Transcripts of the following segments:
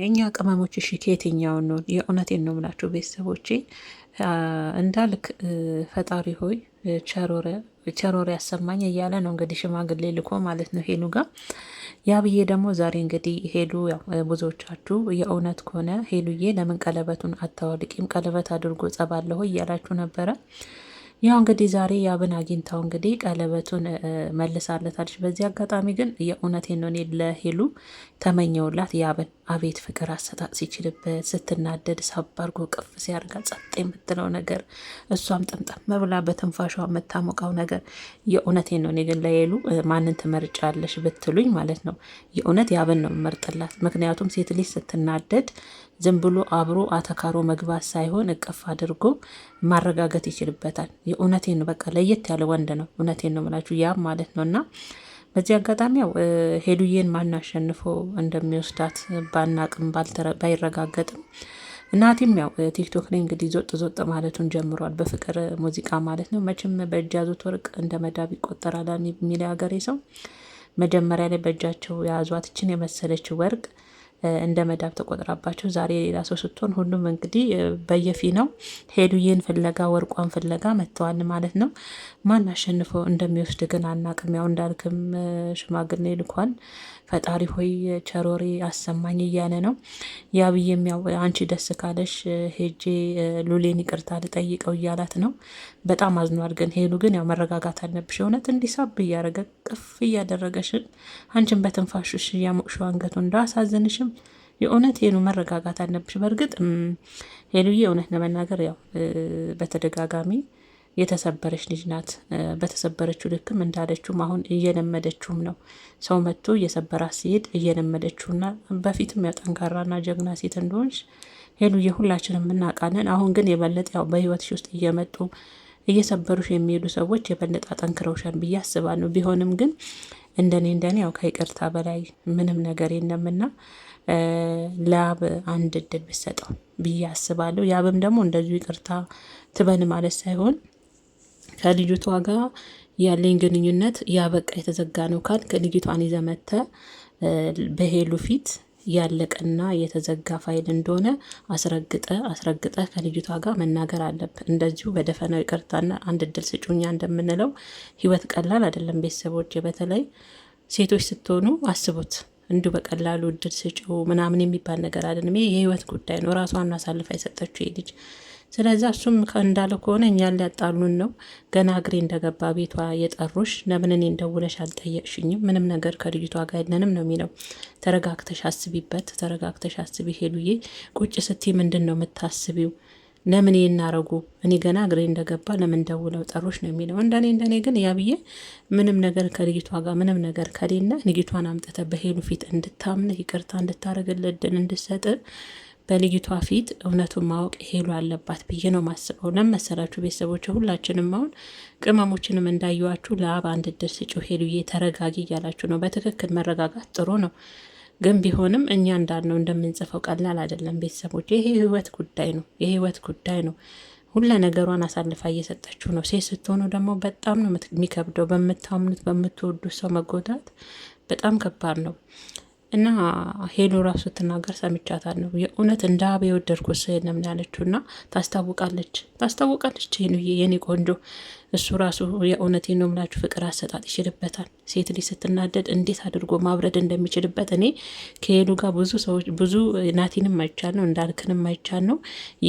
የእኛ ቅመሞች እሺ ከየትኛው ነው? የእውነቴን ነው የምላችሁ ቤተሰቦቼ፣ እንዳልክ ፈጣሪ ሆይ ቸሮር ያሰማኝ እያለ ነው እንግዲህ ሽማግሌ ልኮ ማለት ነው ሄሉ ጋር ብዬ ደግሞ ዛሬ እንግዲህ ሄሉ ብዙዎቻችሁ የእውነት ከሆነ ሄሉዬ ለምን ቀለበቱን አታወልቂም? ቀለበት አድርጎ ጸባለሁ እያላችሁ ነበረ። ያው እንግዲህ ዛሬ ያብን አግኝታው እንግዲህ ቀለበቱን መልሳለታለች። በዚህ አጋጣሚ ግን የእውነቴን ነው እኔ ለሄሉ ተመኘውላት ያብን። አቤት ፍቅር አሰጣጥ ሲችልበት ስትናደድ ሳባርጎ ቅፍ ሲያርጋ ጸጥ የምትለው ነገር እሷም ጠምጠም መብላ በትንፋሿ የምታሞቃው ነገር የእውነቴን ነው። እኔ ግን ለሄሉ ማንን ትመርጫለሽ ብትሉኝ ማለት ነው የእውነት ያብን ነው የምመርጥላት። ምክንያቱም ሴት ልጅ ስትናደድ ዝም ብሎ አብሮ አተካሮ መግባት ሳይሆን እቅፍ አድርጎ ማረጋገጥ ይችልበታል። የእውነቴን ነው፣ በቃ ለየት ያለ ወንድ ነው። እውነቴን ነው የምላችሁ ያም ማለት ነው እና በዚህ አጋጣሚ ያው ሄሉዬን ማን አሸንፎ እንደሚወስዳት ባናቅም ባይረጋገጥም እናቴም ያው ቲክቶክ ላይ እንግዲህ ዞጥ ዞጥ ማለቱን ጀምሯል። በፍቅር ሙዚቃ ማለት ነው። መቼም በእጅ ያዙት ወርቅ እንደ መዳብ ይቆጠራል የሚል ሀገሬ ሰው መጀመሪያ ላይ በእጃቸው የያዟትችን የመሰለች ወርቅ እንደ መዳብ ተቆጥራባቸው ዛሬ ሌላ ሰው ስትሆን ሁሉም እንግዲህ በየፊ ነው ሄዱዬን ፍለጋ ወርቋን ፍለጋ መጥተዋል ማለት ነው። ማን አሸንፎ እንደሚወስድ ግን አናቅም። ያው እንዳልክም ሽማግሌ ልኳል። ፈጣሪ ሆይ ቸሮሪ አሰማኝ እያለ ነው። ያ ብዬም ያው አንቺ ደስ ካለሽ ሄጄ ሉሌን ይቅርታ ልጠይቀው እያላት ነው። በጣም አዝኗል። ግን ሄሉ ግን ያው መረጋጋት አለብሽ እውነት እንዲሳብ እያደረገ እቅፍ እያደረገሽን አንቺን በትንፋሹሽ እያሞቅሹ አንገቱ እንዳሳዘንሽም የእውነት ሄሉ መረጋጋት አለብሽ። በእርግጥ ሄሉዬ እውነት ለመናገር ያው በተደጋጋሚ የተሰበረች ልጅ ናት። በተሰበረችው ልክም እንዳለችውም አሁን እየለመደችውም ነው። ሰው መጥቶ እየሰበራ ሲሄድ እየለመደችውና በፊትም ያው ጠንካራና ጀግና ሴት እንደሆንሽ ሄሉ ሁላችንም እናውቃለን። አሁን ግን የበለጠ ያው በህይወትሽ ውስጥ እየመጡ እየሰበሩሽ የሚሄዱ ሰዎች የበለጠ አጠንክረውሻል ብዬ አስባለሁ። ቢሆንም ግን እንደኔ እንደኔ ያው ከይቅርታ በላይ ምንም ነገር የለምና ለአብ አንድ እድል ብሰጠው ብዬ አስባለሁ። የአብም ደግሞ እንደዚሁ ይቅርታ ትበን ማለት ሳይሆን ከልጅቷ ጋር ያለኝ ግንኙነት ያበቃ የተዘጋ ነው ካል ከልጅቷን ይዘመተ በሄሉ ፊት ያለቀና የተዘጋ ፋይል እንደሆነ አስረግጠ አስረግጠ ከልጅቷ ጋር መናገር አለብ። እንደዚሁ በደፈናው ይቅርታና አንድ እድል ስጩኛ እንደምንለው ህይወት ቀላል አይደለም። ቤተሰቦች በተለይ ሴቶች ስትሆኑ አስቡት። እንዲሁ በቀላሉ እድል ስጩ ምናምን የሚባል ነገር አይደለም። ይህ የህይወት ጉዳይ ነው። ራሷን አሳልፋ የሰጠችው ልጅ ስለዛ እሱም እንዳለ ከሆነ እኛን ሊያጣሉን ነው። ገና እግሬ እንደገባ ቤቷ የጠሩሽ ለምን እኔን ደውለሽ አልጠየቅሽኝም? ምንም ነገር ከልጅቷ ጋር የለንም ነው የሚለው። ተረጋግተሽ አስቢበት፣ ተረጋግተሽ አስቢ ሄሉዬ። ቁጭ ስቲ ምንድን ነው የምታስቢው? ለምን እናረጉ እኔ ገና እግሬ እንደገባ ለምን ደውለው ጠሮች ነው የሚለው። እንደኔ እንደኔ ግን ያብዬ ምንም ነገር ከልጅቷ ጋር ምንም ነገር ከሌለ ልጅቷን አምጥተ በሄሉ ፊት እንድታምንህ ይቅርታ እንድታረግልህ ዕድል እንድሰጥ በልጅቷ ፊት እውነቱን ማወቅ ሄሉ አለባት ብዬ ነው ማስበው። ለመሰላችሁ ቤተሰቦች ሁላችንም አሁን ቅመሞችንም እንዳየዋችሁ ለአብ አንድ ድር ስጪው ሄሉዬ ተረጋጊ እያላችሁ ነው። በትክክል መረጋጋት ጥሩ ነው፣ ግን ቢሆንም እኛ እንዳልነው እንደምንጽፈው ቀላል አይደለም ቤተሰቦች። ይሄ ህይወት ጉዳይ ነው፣ የህይወት ጉዳይ ነው። ሁለ ነገሯን አሳልፋ እየሰጠችው ነው። ሴት ስትሆኑ ደግሞ በጣም ነው የሚከብደው። በምታምኑት በምትወዱት ሰው መጎዳት በጣም ከባድ ነው። እና ሄሎ ራሱ ትናገር ሰምቻታል ነው የእውነት እንደ አብ የወደድኩት ስህል ነው ያለችው እና ታስታውቃለች፣ ታስታውቃለች ሄኖዬ የኔ ቆንጆ። እሱ ራሱ የእውነት ነው ምላችሁ ፍቅር አሰጣጥ ይችልበታል። ሴት ልጅ ስትናደድ እንዴት አድርጎ ማብረድ እንደሚችልበት እኔ ከሄሉ ጋር ብዙ ሰዎች ብዙ ናቲንም አይቻል ነው እንዳልክንም አይቻል ነው።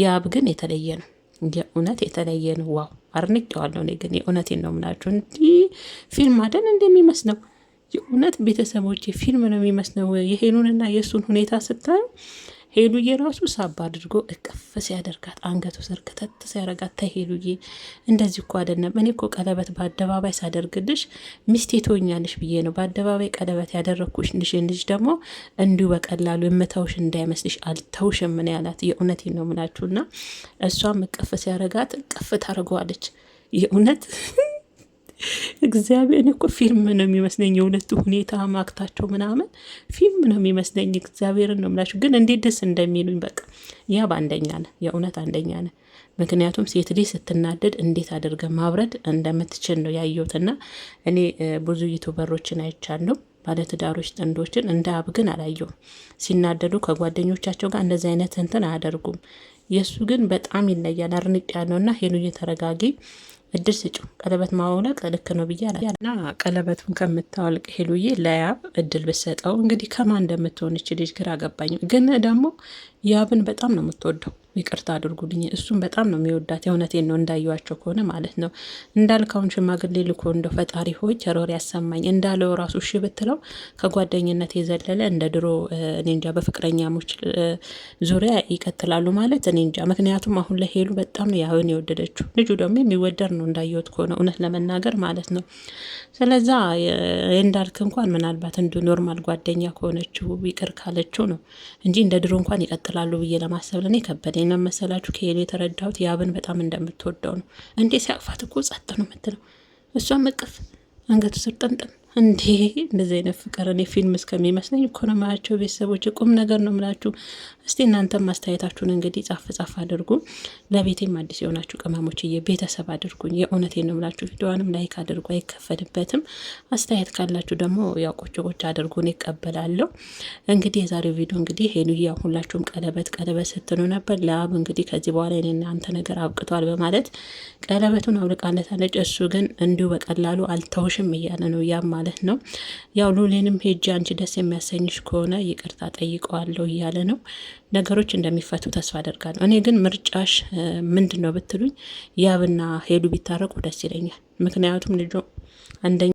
የአብ ግን የተለየ ነው። የእውነት የተለየ ነው። ዋው አርንቄዋለሁ እኔ ግን የእውነቴን ነው ምላችሁ እንዲህ ፊልም አደን እንደሚመስለው የእውነት ቤተሰቦች ፊልም ነው የሚመስለው። የሄሉንና የእሱን ሁኔታ ስታዩ ሄሉዬ ራሱ ሳብ አድርጎ እቅፍ ሲያደርጋት አንገቱ ስር ከተት ሲያደርጋት ተሄሉዬ እንደዚህ እኮ አይደለም። እኔ እኮ ቀለበት በአደባባይ ሳደርግልሽ ሚስቴ ትሆኛለሽ ብዬ ነው በአደባባይ ቀለበት ያደረግኩሽ ልሽ ልጅ ደግሞ እንዲሁ በቀላሉ የምተውሽ እንዳይመስልሽ አልተውሽም ምን ያላት። የእውነት ነው የምላችሁና እሷም እቅፍ ሲያደርጋት እቅፍ ታደርገዋለች የእውነት እግዚአብሔር እኮ ፊልም ነው የሚመስለኝ። የሁለቱ ሁኔታ ማክታቸው ምናምን ፊልም ነው የሚመስለኝ። እግዚአብሔርን ነው የምላችሁ። ግን እንዴት ደስ እንደሚሉኝ በቃ ያ በአንደኛ ነ የእውነት አንደኛ ነ። ምክንያቱም ሴት ልጅ ስትናደድ እንዴት አድርገ ማብረድ እንደምትችል ነው ያየሁትና እኔ ብዙ ዩቱበሮችን አይቻለሁ ባለትዳሮች ጥንዶችን እንደ አብ ግን አላየውም። ሲናደዱ ከጓደኞቻቸው ጋር እንደዚህ አይነት እንትን አያደርጉም። የእሱ ግን በጣም ይለያል። አርንቅ ያለውና ሄሉ እየተረጋጊ እድል ስጩ ቀለበት ማውለቅ ልክ ነው ብዬ ቀለበቱን ከምታወልቅ ሄሉዬ ለያብ እድል ብሰጠው እንግዲህ ከማን እንደምትሆን እች ልጅ ግራ ገባኝ። ግን ደግሞ ያብን በጣም ነው የምትወደው። ይቅርታ አድርጉልኝ፣ እሱን በጣም ነው የሚወዳት። የእውነቴን ነው እንዳየዋቸው ከሆነ ማለት ነው። እንዳልካውን ሽማግሌ ልኮ እንደው ፈጣሪ ሆይ ቸሮር ያሰማኝ እንዳለው ራሱ እሺ ብትለው ከጓደኝነት የዘለለ እንደ ድሮ እኔንጃ በፍቅረኛሞች ዙሪያ ይቀጥላሉ ማለት እኔንጃ። ምክንያቱም አሁን ለሄሉ በጣም ነው ያብን የወደደችው። ልጁ ደግሞ የሚወደድ ነው እንዳየወት ከሆነ እውነት ለመናገር ማለት ነው። ስለዛ እንዳልክ እንኳን ምናልባት እንዱ ኖርማል ጓደኛ ከሆነችው ይቅር ካለችው ነው እንጂ እንደ ድሮ እንኳን ይቀጥላል ይችላሉ ብዬ ለማሰብ ለእኔ ከበደ ነው መሰላችሁ ከሄሉ የተረዳሁት ያብን በጣም እንደምትወደው ነው። እንዴ ሲያቅፋት እኮ ጸጥ ነው የምትለው፣ እሷም እቅፍ አንገቱ ስር ጥምጥም። እንዴ እንደዚህ አይነት ፍቅር እኔ ፊልም እስከሚመስለኝ እኮ ነው የማያቸው ቤተሰቦች። ቁም ነገር ነው የምላችሁ። እስቲ እናንተም ማስተያየታችሁን እንግዲህ ጻፍ ጻፍ አድርጉ። ለቤቴም አዲስ የሆናችሁ ቅመሞች ቤተሰብ አድርጉኝ። የእውነቴን ነው የምላችሁ። ቪዲዮዋንም ላይክ አድርጉ፣ አይከፈልበትም። አስተያየት ካላችሁ ደግሞ ያው ቁጭ ቁጭ አድርጉን ይቀበላለሁ። እንግዲህ የዛሬው ቪዲዮ እንግዲህ ሄሉዬ ያው ሁላችሁም ቀለበት ቀለበት ስትኑ ነበር። ለአብ እንግዲህ ከዚህ በኋላ የኔ እናንተ ነገር አብቅቷል በማለት ቀለበቱን አውልቃለታለች። እሱ ግን እንዲሁ በቀላሉ አልተውሽም እያለ ነው። ያም ማለት ነው ያው ሉሌንም ሄጂ አንቺ ደስ የሚያሰኝሽ ከሆነ ይቅርታ ጠይቀዋለሁ እያለ ነው። ነገሮች እንደሚፈቱ ተስፋ አደርጋለሁ። እኔ ግን ምርጫሽ ምንድን ነው ብትሉኝ ያብና ሄሉ ቢታረቁ ደስ ይለኛል። ምክንያቱም ልጆ አንደኛ